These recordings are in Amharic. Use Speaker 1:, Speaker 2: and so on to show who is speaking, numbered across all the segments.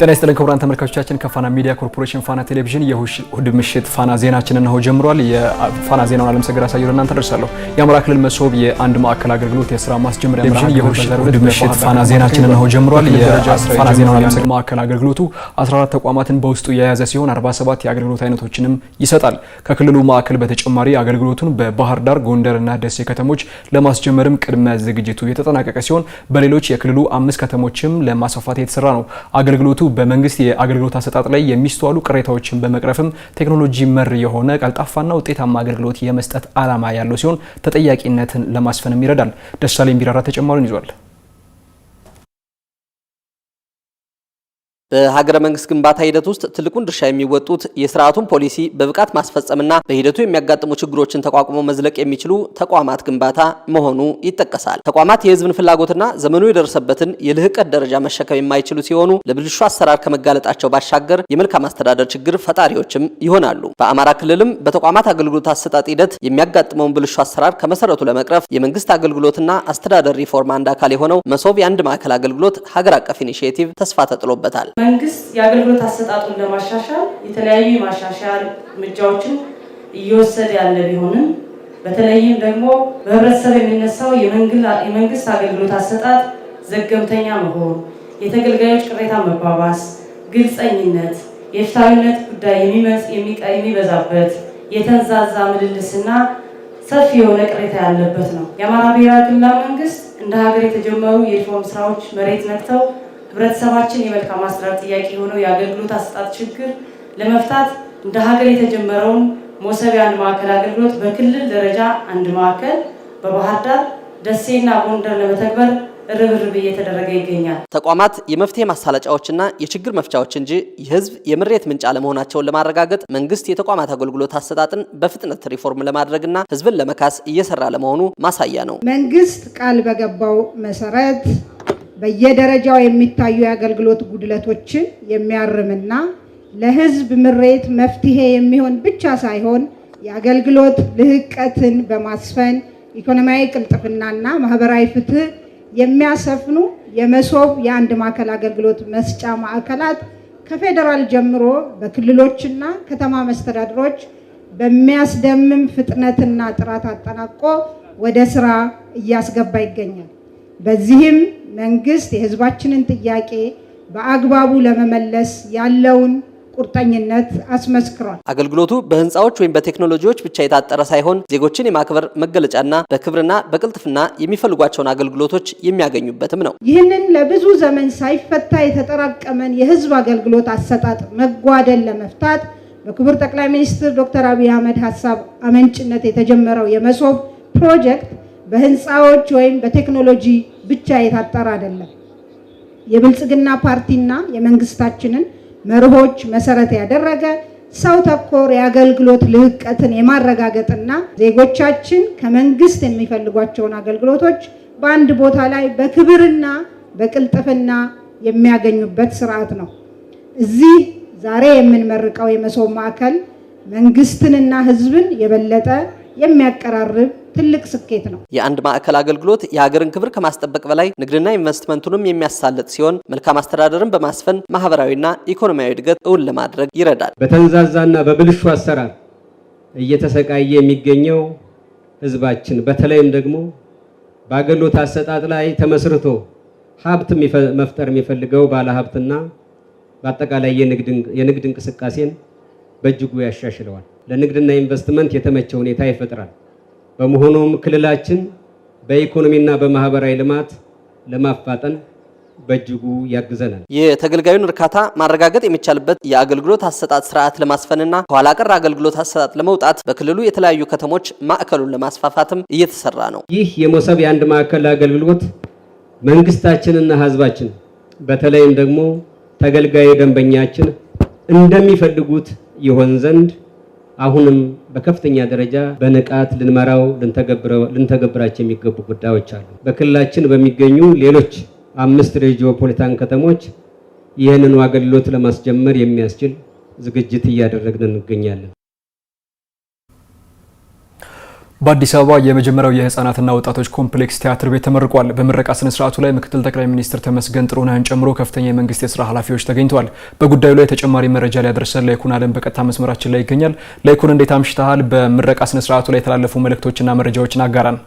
Speaker 1: ጤና ይስጥልን ክቡራን ተመልካቾቻችን ከፋና ሚዲያ ኮርፖሬሽን ፋና ቴሌቪዥን የእሁድ ምሽት ፋና ዜናችን እነሆ ጀምሯል። የፋና ዜናውን አለም ሰገድ አሳየሁ እናንተ ደርሳለሁ። የአማራ ክልል መሶብ የአንድ ማዕከል አገልግሎት የስራ ማስጀመሪያ ቴሌቪዥን የእሁድ ምሽት ፋና ዜናችን እነሆ ጀምሯል። የፋና ዜናውን አለም ሰገድ ማዕከል አገልግሎቱ 14 ተቋማትን በውስጡ የያዘ ሲሆን 47 የአገልግሎት አይነቶችንም ይሰጣል። ከክልሉ ማዕከል በተጨማሪ አገልግሎቱን በባህር ዳር፣ ጎንደር እና ደሴ ከተሞች ለማስጀመርም ቅድመ ዝግጅቱ የተጠናቀቀ ሲሆን በሌሎች የክልሉ አምስት ከተሞችም ለማስፋፋት የተሰራ ነው አገልግሎቱ በመንግስት የአገልግሎት አሰጣጥ ላይ የሚስተዋሉ ቅሬታዎችን በመቅረፍም ቴክኖሎጂ መር የሆነ ቀልጣፋና ውጤታማ አገልግሎት የመስጠት ዓላማ ያለው ሲሆን ተጠያቂነትን ለማስፈንም ይረዳል። ደሳሌ ቢራራ ተጨማሪን ይዟል።
Speaker 2: በሀገረ መንግስት ግንባታ ሂደት ውስጥ ትልቁን ድርሻ የሚወጡት የስርዓቱን ፖሊሲ በብቃት ማስፈጸምና በሂደቱ የሚያጋጥሙ ችግሮችን ተቋቁሞ መዝለቅ የሚችሉ ተቋማት ግንባታ መሆኑ ይጠቀሳል። ተቋማት የህዝብን ፍላጎትና ዘመኑ የደረሰበትን የልህቀት ደረጃ መሸከም የማይችሉ ሲሆኑ ለብልሹ አሰራር ከመጋለጣቸው ባሻገር የመልካም አስተዳደር ችግር ፈጣሪዎችም ይሆናሉ። በአማራ ክልልም በተቋማት አገልግሎት አሰጣጥ ሂደት የሚያጋጥመውን ብልሹ አሰራር ከመሰረቱ ለመቅረፍ የመንግስት አገልግሎትና አስተዳደር ሪፎርም አንድ አካል የሆነው መሶብ የአንድ ማዕከል አገልግሎት ሀገር አቀፍ ኢኒሽቲቭ ተስፋ ተጥሎበታል።
Speaker 3: መንግስት የአገልግሎት አሰጣጡን ለማሻሻል የተለያዩ የማሻሻያ እርምጃዎችን እየወሰደ ያለ ቢሆንም በተለይም ደግሞ በህብረተሰብ የሚነሳው የመንግስት አገልግሎት አሰጣጥ ዘገምተኛ መሆን፣ የተገልጋዮች ቅሬታ መባባስ፣ ግልፀኝነት፣ የፍትሐዊነት ጉዳይ የሚበዛበት የተንዛዛ ምልልስና ሰፊ የሆነ ቅሬታ ያለበት ነው። የአማራ ብሔራዊ ክልላዊ መንግስት እንደ ሀገር የተጀመሩ የሪፎርም ስራዎች መሬት ነክተው ህብረተሰባችን የመልካም አስተዳደር ጥያቄ የሆነው የአገልግሎት አሰጣጥ ችግር ለመፍታት እንደ ሀገር የተጀመረውን ሞሰብ የአንድ ማዕከል አገልግሎት በክልል ደረጃ አንድ ማዕከል በባህር ዳር ደሴና ጎንደር ለመተግበር ርብርብ እየተደረገ ይገኛል።
Speaker 2: ተቋማት የመፍትሄ ማሳለጫዎችና የችግር መፍቻዎች እንጂ የህዝብ የምሬት ምንጭ አለመሆናቸውን ለማረጋገጥ መንግስት የተቋማት አገልግሎት አሰጣጥን በፍጥነት ሪፎርም ለማድረግና ህዝብን ለመካስ እየሰራ ለመሆኑ ማሳያ ነው።
Speaker 4: መንግስት ቃል በገባው መሰረት በየደረጃው የሚታዩ የአገልግሎት ጉድለቶችን የሚያርምና ለሕዝብ ምሬት መፍትሄ የሚሆን ብቻ ሳይሆን የአገልግሎት ልህቀትን በማስፈን ኢኮኖሚያዊ ቅልጥፍናና ማህበራዊ ፍትህ የሚያሰፍኑ የመሶብ የአንድ ማዕከል አገልግሎት መስጫ ማዕከላት ከፌዴራል ጀምሮ በክልሎችና ከተማ መስተዳድሮች በሚያስደምም ፍጥነትና ጥራት አጠናቆ ወደ ስራ እያስገባ ይገኛል። በዚህም መንግስት የህዝባችንን ጥያቄ በአግባቡ ለመመለስ ያለውን ቁርጠኝነት አስመስክሯል።
Speaker 2: አገልግሎቱ በህንፃዎች ወይም በቴክኖሎጂዎች ብቻ የታጠረ ሳይሆን ዜጎችን የማክበር መገለጫና በክብርና በቅልጥፍና የሚፈልጓቸውን አገልግሎቶች የሚያገኙበትም
Speaker 4: ነው። ይህንን ለብዙ ዘመን ሳይፈታ የተጠራቀመን የህዝብ አገልግሎት አሰጣጥ መጓደል ለመፍታት በክቡር ጠቅላይ ሚኒስትር ዶክተር አብይ አህመድ ሀሳብ አመንጭነት የተጀመረው የመሶብ ፕሮጀክት በህንፃዎች ወይም በቴክኖሎጂ ብቻ የታጠረ አይደለም። የብልጽግና ፓርቲና የመንግስታችንን መርሆች መሰረት ያደረገ ሰው ተኮር የአገልግሎት ልህቀትን የማረጋገጥና ዜጎቻችን ከመንግስት የሚፈልጓቸውን አገልግሎቶች በአንድ ቦታ ላይ በክብርና በቅልጥፍና የሚያገኙበት ስርዓት ነው። እዚህ ዛሬ የምንመርቀው የመሶብ ማዕከል መንግስትንና ህዝብን የበለጠ የሚያቀራርብ ትልቅ ስኬት ነው።
Speaker 2: የአንድ ማዕከል አገልግሎት የሀገርን ክብር ከማስጠበቅ በላይ ንግድና ኢንቨስትመንቱንም የሚያሳልጥ ሲሆን መልካም አስተዳደርን በማስፈን ማህበራዊና ኢኮኖሚያዊ እድገት እውን ለማድረግ ይረዳል።
Speaker 5: በተንዛዛና በብልሹ አሰራር እየተሰቃየ የሚገኘው ህዝባችን በተለይም ደግሞ በአገልግሎት አሰጣጥ ላይ ተመስርቶ ሀብት መፍጠር የሚፈልገው ባለሀብትና በአጠቃላይ የንግድ እንቅስቃሴን በእጅጉ ያሻሽለዋል። ለንግድና ኢንቨስትመንት የተመቸ ሁኔታ ይፈጥራል። በመሆኑም ክልላችን በኢኮኖሚና በማህበራዊ ልማት ለማፋጠን በእጅጉ ያግዘናል።
Speaker 2: የተገልጋዩን እርካታ ማረጋገጥ የሚቻልበት የአገልግሎት አሰጣጥ ስርዓት ለማስፈንና ከኋላ ቀር አገልግሎት አሰጣጥ ለመውጣት በክልሉ የተለያዩ ከተሞች ማዕከሉን ለማስፋፋትም እየተሰራ
Speaker 5: ነው። ይህ የሞሰብ የአንድ ማዕከል አገልግሎት መንግስታችንና ህዝባችን በተለይም ደግሞ ተገልጋዩ ደንበኛችን እንደሚፈልጉት ይሆን ዘንድ አሁንም በከፍተኛ ደረጃ በንቃት ልንመራው ልንተገብራቸው የሚገቡ ጉዳዮች አሉ። በክልላችን በሚገኙ ሌሎች አምስት ሬጂዮፖሊታን ከተሞች ይህንኑ አገልግሎት ለማስጀመር የሚያስችል ዝግጅት እያደረግን እንገኛለን።
Speaker 1: በአዲስ አበባ የመጀመሪያው የህፃናትና ወጣቶች ኮምፕሌክስ ቲያትር ቤት ተመርቋል። በምረቃ ስነ ስርዓቱ ላይ ምክትል ጠቅላይ ሚኒስትር ተመስገን ጥሩነህን ጨምሮ ከፍተኛ የመንግስት የስራ ኃላፊዎች ተገኝተዋል። በጉዳዩ ላይ ተጨማሪ መረጃ ሊያደርሰን ላይኩን አለም በቀጥታ መስመራችን ላይ ይገኛል። ላይኩን እንዴት
Speaker 6: አምሽተሃል? በምረቃ ስነ ስርዓቱ ላይ የተላለፉ መልእክቶችና መረጃዎችን አጋራን።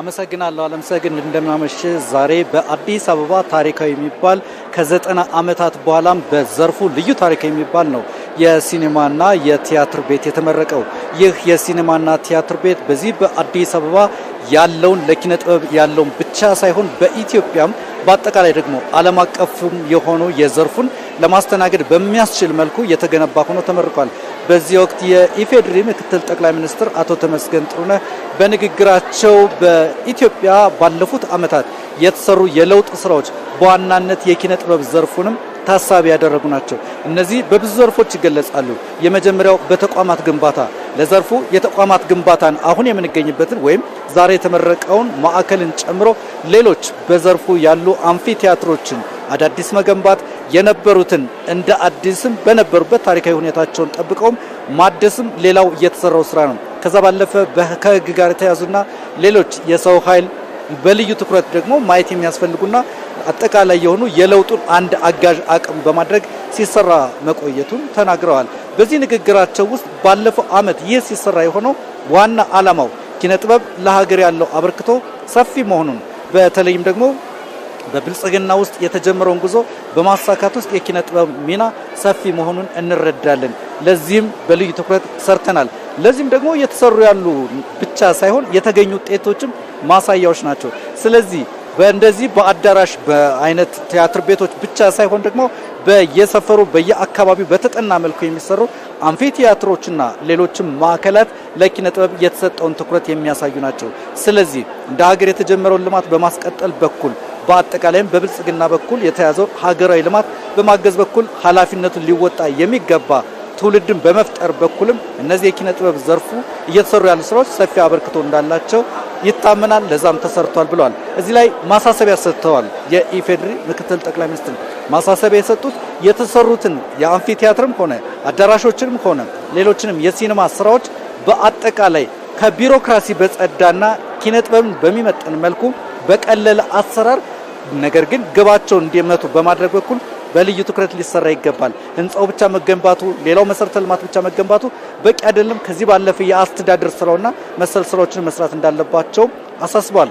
Speaker 6: አመሰግናለሁ አለምሰግን፣ እንደምናመሽ። ዛሬ በአዲስ አበባ ታሪካዊ የሚባል ከዘጠና ዓመታት በኋላም በዘርፉ ልዩ ታሪካዊ የሚባል ነው የሲኔማና የቲያትር ቤት የተመረቀው። ይህ የሲኔማና ቲያትር ቤት በዚህ በአዲስ አበባ ያለውን ለኪነ ጥበብ ያለውን ብቻ ሳይሆን በኢትዮጵያም በአጠቃላይ ደግሞ ዓለም አቀፍም የሆኑ የዘርፉን ለማስተናገድ በሚያስችል መልኩ የተገነባ ሆኖ ተመርቋል። በዚህ ወቅት የኢፌድሪ ምክትል ጠቅላይ ሚኒስትር አቶ ተመስገን ጥሩነ በንግግራቸው በኢትዮጵያ ባለፉት ዓመታት የተሰሩ የለውጥ ስራዎች በዋናነት የኪነ ጥበብ ዘርፉንም ታሳቢ ያደረጉ ናቸው። እነዚህ በብዙ ዘርፎች ይገለጻሉ። የመጀመሪያው በተቋማት ግንባታ ለዘርፉ የተቋማት ግንባታን አሁን የምንገኝበትን ወይም ዛሬ የተመረቀውን ማዕከልን ጨምሮ ሌሎች በዘርፉ ያሉ አምፊቲያትሮችን ቲያትሮችን አዳዲስ መገንባት የነበሩትን እንደ አዲስም በነበሩበት ታሪካዊ ሁኔታቸውን ጠብቀውም ማደስም ሌላው እየተሰራው ስራ ነው። ከዛ ባለፈ ከህግ ጋር የተያዙና ሌሎች የሰው ኃይል በልዩ ትኩረት ደግሞ ማየት የሚያስፈልጉና አጠቃላይ የሆኑ የለውጡን አንድ አጋዥ አቅም በማድረግ ሲሰራ መቆየቱን ተናግረዋል። በዚህ ንግግራቸው ውስጥ ባለፈው ዓመት ይህ ሲሰራ የሆነው ዋና ዓላማው ኪነ ጥበብ ለሀገር ያለው አበርክቶ ሰፊ መሆኑን በተለይም ደግሞ በብልጽግና ውስጥ የተጀመረውን ጉዞ በማሳካት ውስጥ የኪነ ጥበብ ሚና ሰፊ መሆኑን እንረዳለን። ለዚህም በልዩ ትኩረት ሰርተናል። ለዚህም ደግሞ የተሰሩ ያሉ ብቻ ሳይሆን የተገኙ ውጤቶችም ማሳያዎች ናቸው። ስለዚህ በእንደዚህ በአዳራሽ በአይነት ቲያትር ቤቶች ብቻ ሳይሆን ደግሞ በየሰፈሩ በየአካባቢው በተጠና መልኩ የሚሰሩ አንፊ ቲያትሮችና ሌሎችም ማዕከላት ለኪነ ጥበብ የተሰጠውን ትኩረት የሚያሳዩ ናቸው። ስለዚህ እንደ ሀገር የተጀመረውን ልማት በማስቀጠል በኩል በአጠቃላይም በብልጽግና በኩል የተያዘው ሀገራዊ ልማት በማገዝ በኩል ኃላፊነቱን ሊወጣ የሚገባ ትውልድን በመፍጠር በኩልም እነዚህ የኪነ ጥበብ ዘርፉ እየተሰሩ ያሉ ስራዎች ሰፊ አበርክቶ እንዳላቸው ይታመናል። ለዛም ተሰርቷል ብለዋል። እዚህ ላይ ማሳሰቢያ ሰጥተዋል። የኢፌዴሪ ምክትል ጠቅላይ ሚኒስትር ማሳሰቢያ የሰጡት የተሰሩትን የአምፊቲያትርም ሆነ አዳራሾችንም ሆነ ሌሎችንም የሲኒማ ስራዎች በአጠቃላይ ከቢሮክራሲ በጸዳና ኪነ ጥበብን በሚመጥን መልኩ በቀለለ አሰራር ነገር ግን ግባቸውን እንዲመቱ በማድረግ በኩል በልዩ ትኩረት ሊሰራ ይገባል። ህንፃው ብቻ መገንባቱ፣ ሌላው መሰረተ ልማት ብቻ መገንባቱ በቂ አይደለም። ከዚህ ባለፈ የአስተዳደር ስራውና መሰል ስራዎችን መስራት እንዳለባቸው አሳስቧል።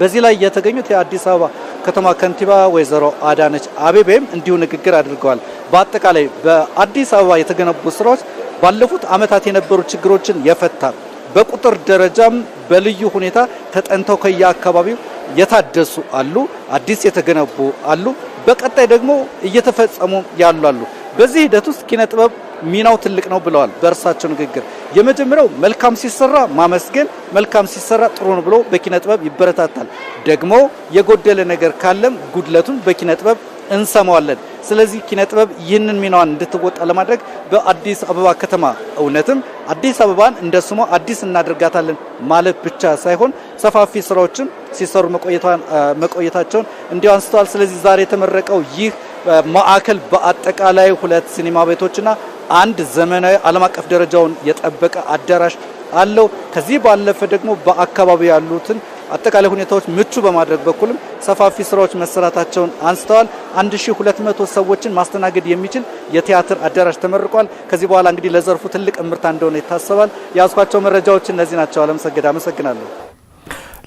Speaker 6: በዚህ ላይ የተገኙት የአዲስ አበባ ከተማ ከንቲባ ወይዘሮ አዳነች አቤቤም እንዲሁ ንግግር አድርገዋል። በአጠቃላይ በአዲስ አበባ የተገነቡ ስራዎች ባለፉት አመታት የነበሩ ችግሮችን የፈታል በቁጥር ደረጃም በልዩ ሁኔታ ተጠንተው ከየአካባቢው የታደሱ አሉ፣ አዲስ የተገነቡ አሉ፣ በቀጣይ ደግሞ እየተፈጸሙ ያሉ አሉ። በዚህ ሂደት ውስጥ ኪነ ጥበብ ሚናው ትልቅ ነው ብለዋል። በእርሳቸው ንግግር የመጀመሪያው መልካም ሲሰራ ማመስገን፣ መልካም ሲሰራ ጥሩ ነው ብሎ በኪነ ጥበብ ይበረታታል። ደግሞ የጎደለ ነገር ካለም ጉድለቱን በኪነ ጥበብ እንሰማዋለን። ስለዚህ ኪነ ጥበብ ይህንን ሚናዋን እንድትወጣ ለማድረግ በአዲስ አበባ ከተማ እውነትም አዲስ አበባን እንደ ስሟ አዲስ እናደርጋታለን ማለት ብቻ ሳይሆን ሰፋፊ ስራዎችም ሲሰሩ መቆየታቸውን እንዲሁ አንስተዋል። ስለዚህ ዛሬ የተመረቀው ይህ ማዕከል በአጠቃላይ ሁለት ሲኒማ ቤቶችና አንድ ዘመናዊ ዓለም አቀፍ ደረጃውን የጠበቀ አዳራሽ አለው። ከዚህ ባለፈ ደግሞ በአካባቢው ያሉትን አጠቃላይ ሁኔታዎች ምቹ በማድረግ በኩልም ሰፋፊ ስራዎች መሰራታቸውን አንስተዋል። 1200 ሰዎችን ማስተናገድ የሚችል የቲያትር አዳራሽ ተመርቋል። ከዚህ በኋላ እንግዲህ ለዘርፉ ትልቅ እምርታ እንደሆነ ይታሰባል። ያስኳቸው መረጃዎች እነዚህ ናቸው። አለምሰገድ አመሰግናለሁ።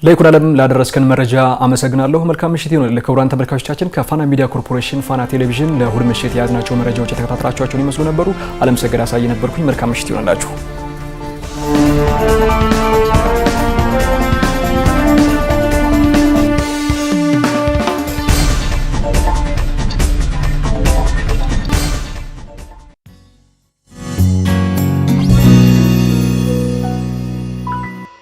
Speaker 1: ለይኩን ዓለም ላደረስከን መረጃ አመሰግናለሁ። መልካም ምሽት ይሁን። ለክቡራን ተመልካቾቻችን ከፋና ሚዲያ ኮርፖሬሽን ፋና ቴሌቪዥን ለእሁድ ምሽት የያዝናቸው መረጃዎች የተከታተላችኋቸውን ይመስሉ ነበሩ። አለምሰገድ አሳይ ነበርኩኝ። መልካም ምሽት ይሁንላችሁ።